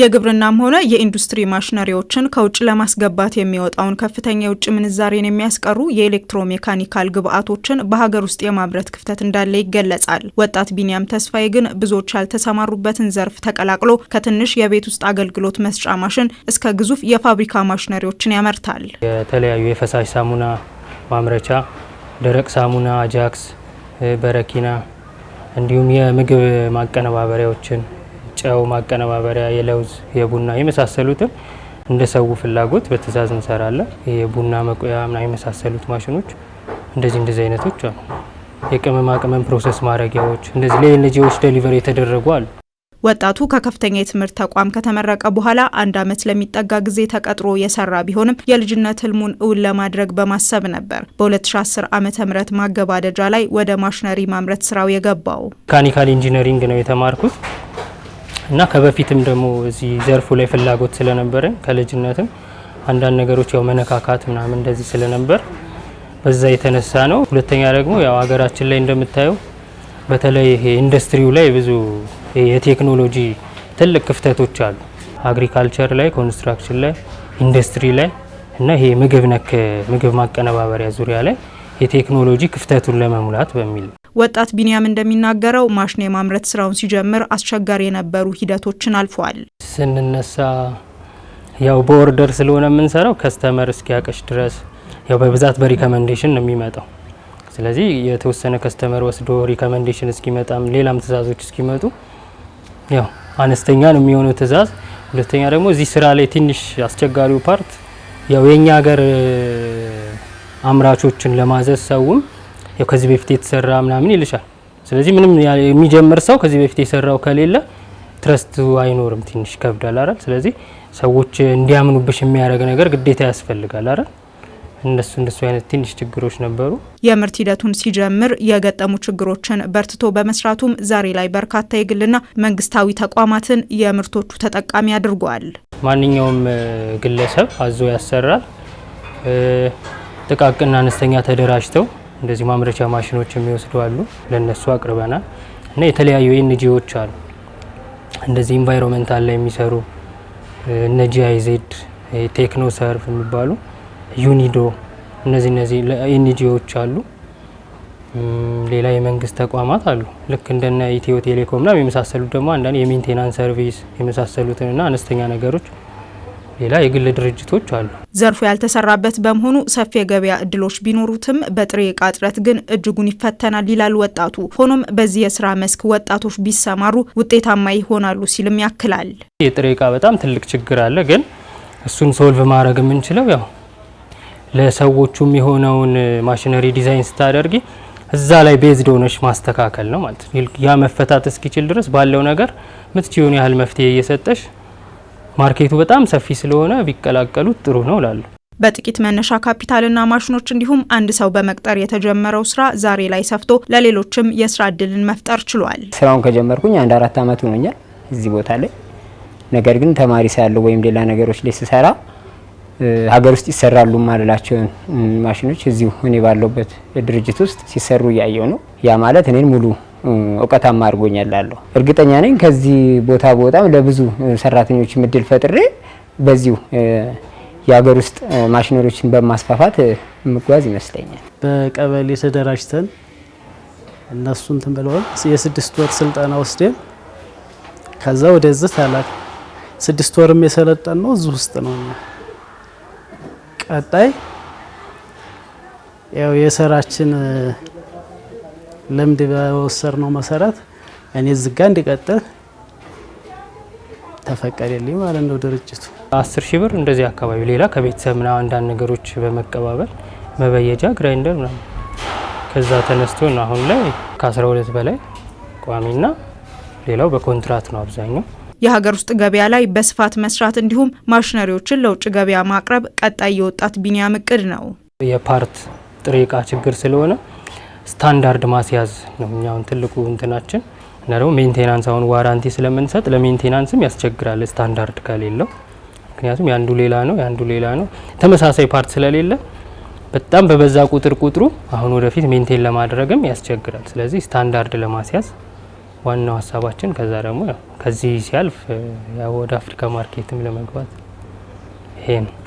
የግብርናም ሆነ የኢንዱስትሪ ማሽነሪዎችን ከውጭ ለማስገባት የሚወጣውን ከፍተኛ የውጭ ምንዛሬን የሚያስቀሩ የኤሌክትሮሜካኒካል ግብዓቶችን በሀገር ውስጥ የማምረት ክፍተት እንዳለ ይገለጻል። ወጣት ቢኒያም ተስፋዬ ግን ብዙዎች ያልተሰማሩበትን ዘርፍ ተቀላቅሎ ከትንሽ የቤት ውስጥ አገልግሎት መስጫ ማሽን እስከ ግዙፍ የፋብሪካ ማሽነሪዎችን ያመርታል። የተለያዩ የፈሳሽ ሳሙና ማምረቻ፣ ደረቅ ሳሙና፣ አጃክስ፣ በረኪና እንዲሁም የምግብ ማቀነባበሪያዎችን ጨው ማቀነባበሪያ፣ የለውዝ፣ የቡና የመሳሰሉትን እንደ ሰው ፍላጎት በትእዛዝ እንሰራለን። የቡና መቆያ ምና የመሳሰሉት ማሽኖች እንደዚህ እንደዚህ አይነቶች አሉ። የቅመማ ቅመም ፕሮሰስ ማድረጊያዎች እንደዚህ ለኤንጂዎች ደሊቨር የተደረጉ አሉ። ወጣቱ ከከፍተኛ የትምህርት ተቋም ከተመረቀ በኋላ አንድ ዓመት ለሚጠጋ ጊዜ ተቀጥሮ የሰራ ቢሆንም የልጅነት ህልሙን እውን ለማድረግ በማሰብ ነበር በ2010 ዓ ም ማገባደጃ ላይ ወደ ማሽነሪ ማምረት ስራው የገባው። ሜካኒካል ኢንጂነሪንግ ነው የተማርኩት እና ከበፊትም ደግሞ እዚህ ዘርፉ ላይ ፍላጎት ስለነበረኝ ከልጅነትም አንዳንድ ነገሮች ያው መነካካት ምናምን እንደዚህ ስለነበር በዛ የተነሳ ነው። ሁለተኛ ደግሞ ያው ሀገራችን ላይ እንደምታየው በተለይ ይሄ ኢንዱስትሪው ላይ ብዙ የቴክኖሎጂ ትልቅ ክፍተቶች አሉ። አግሪካልቸር ላይ፣ ኮንስትራክሽን ላይ፣ ኢንዱስትሪ ላይ እና ይሄ ምግብ ነክ ምግብ ማቀነባበሪያ ዙሪያ ላይ የቴክኖሎጂ ክፍተቱን ለመሙላት በሚል ወጣት ቢንያም እንደሚናገረው ማሽን የማምረት ስራውን ሲጀምር አስቸጋሪ የነበሩ ሂደቶችን አልፏል። ስንነሳ ያው በኦርደር ስለሆነ የምንሰራው ከስተመር እስኪያቀሽ ድረስ ያው በብዛት በሪከመንዴሽን ነው የሚመጣው። ስለዚህ የተወሰነ ከስተመር ወስዶ ሪከመንዴሽን እስኪመጣም ሌላም ትእዛዞች እስኪመጡ ያው አነስተኛ ነው የሚሆነው ትእዛዝ። ሁለተኛ ደግሞ እዚህ ስራ ላይ ትንሽ አስቸጋሪው ፓርት ያው የእኛ ሀገር አምራቾችን ለማዘዝ ሰውም ከዚህ በፊት የተሰራ ምናምን ይልሻል። ስለዚህ ምንም የሚጀምር ሰው ከዚህ በፊት የሰራው ከሌለ ትረስቱ አይኖርም፣ ትንሽ ይከብዳል አይደል? ስለዚህ ሰዎች እንዲያምኑብሽ የሚያደርግ ነገር ግዴታ ያስፈልጋል አይደል? እነሱ እንደሱ አይነት ትንሽ ችግሮች ነበሩ። የምርት ሂደቱን ሲጀምር የገጠሙ ችግሮችን በርትቶ በመስራቱም ዛሬ ላይ በርካታ የግልና መንግስታዊ ተቋማትን የምርቶቹ ተጠቃሚ አድርጓል። ማንኛውም ግለሰብ አዞ ያሰራል። ጥቃቅንና አነስተኛ ተደራጅተው እንደዚህ ማምረቻ ማሽኖች የሚወስዱ አሉ። ለእነሱ አቅርበናል እና የተለያዩ ኤንጂዎች አሉ እንደዚህ ኢንቫይሮንመንታል ላይ የሚሰሩ እነ ጂአይዜድ ቴክኖ ሰርቭ የሚባሉ ዩኒዶ፣ እነዚህ እነዚህ ኤንጂዎች አሉ። ሌላ የመንግስት ተቋማት አሉ ልክ እንደነ ኢትዮ ቴሌኮምና የመሳሰሉት ደግሞ አንዳንድ የሜንቴናንስ ሰርቪስ የመሳሰሉትንና አነስተኛ ነገሮች ሌላ የግል ድርጅቶች አሉ። ዘርፉ ያልተሰራበት በመሆኑ ሰፊ የገበያ እድሎች ቢኖሩትም በጥሬ እቃ እጥረት ግን እጅጉን ይፈተናል ይላል ወጣቱ። ሆኖም በዚህ የስራ መስክ ወጣቶች ቢሰማሩ ውጤታማ ይሆናሉ ሲልም ያክላል። የጥሬ እቃ በጣም ትልቅ ችግር አለ። ግን እሱን ሶልቭ ማድረግ የምንችለው ያው ለሰዎቹም የሆነውን ማሽነሪ ዲዛይን ስታደርጊ እዛ ላይ ቤዝድ ሆነሽ ማስተካከል ነው ማለት ነው። ያ መፈታት እስኪችል ድረስ ባለው ነገር ምትችውን ያህል መፍትሄ እየሰጠሽ ማርኬቱ በጣም ሰፊ ስለሆነ ቢቀላቀሉት ጥሩ ነው ላሉ በጥቂት መነሻ ካፒታልና ማሽኖች እንዲሁም አንድ ሰው በመቅጠር የተጀመረው ስራ ዛሬ ላይ ሰፍቶ ለሌሎችም የስራ እድልን መፍጠር ችሏል። ስራውን ከጀመርኩኝ አንድ አራት አመት ሆኖኛል እዚህ ቦታ ላይ። ነገር ግን ተማሪ ሳለሁ ወይም ሌላ ነገሮች ላይ ስሰራ ሀገር ውስጥ ይሰራሉ ማለላቸውን ማሽኖች እዚሁ እኔ ባለሁበት ድርጅት ውስጥ ሲሰሩ እያየው ነው። ያ ማለት እኔን ሙሉ እውቀታማ አድርጎኛል እርግጠኛ ነኝ ከዚህ ቦታ በጣም ለብዙ ሰራተኞች እድል ፈጥሬ በዚሁ የሀገር ውስጥ ማሽነሪዎችን በማስፋፋት ምጓዝ ይመስለኛል። በቀበሌ ተደራጅተን እነሱ እንትን ብለዋል። የስድስት ወር ስልጠና ወስደን ከዛ ወደዚህ ታላቅ ስድስት ወርም የሰለጠን ነው እዚህ ውስጥ ነው። ቀጣይ ያው የሰራችን ልምድ ነው መሰረት እኔ ዝጋ እንዲቀጥል ተፈቀደልኝ ማለት ነው። ድርጅቱ አስር ሺህ ብር እንደዚህ አካባቢ ሌላ ከቤተሰብ ምና አንዳንድ ነገሮች በመቀባበል መበየጃ ግራይንደር ምናምን ከዛ ተነስቶ ነው አሁን ላይ ከ12 በላይ ቋሚና ሌላው በኮንትራት ነው አብዛኛው የሀገር ውስጥ ገበያ ላይ በስፋት መስራት እንዲሁም ማሽነሪዎችን ለውጭ ገበያ ማቅረብ ቀጣይ የወጣት ቢኒያም እቅድ ነው። የፓርት ጥሬ እቃ ችግር ስለሆነ ስታንዳርድ ማስያዝ ነው እኛውን ትልቁ እንትናችን እና ደግሞ ሜንቴናንስ አሁን ዋራንቲ ስለምንሰጥ ለሜንቴናንስም ያስቸግራል ስታንዳርድ ከሌለው ምክንያቱም ያንዱ ሌላ ነው ያንዱ ሌላ ነው ተመሳሳይ ፓርት ስለሌለ በጣም በበዛ ቁጥር ቁጥሩ አሁን ወደፊት ሜንቴን ለማድረግም ያስቸግራል። ስለዚህ ስታንዳርድ ለማስያዝ ዋናው ሀሳባችን፣ ከዛ ደግሞ ከዚህ ሲያልፍ ወደ አፍሪካ ማርኬትም ለመግባት ይሄ ነው።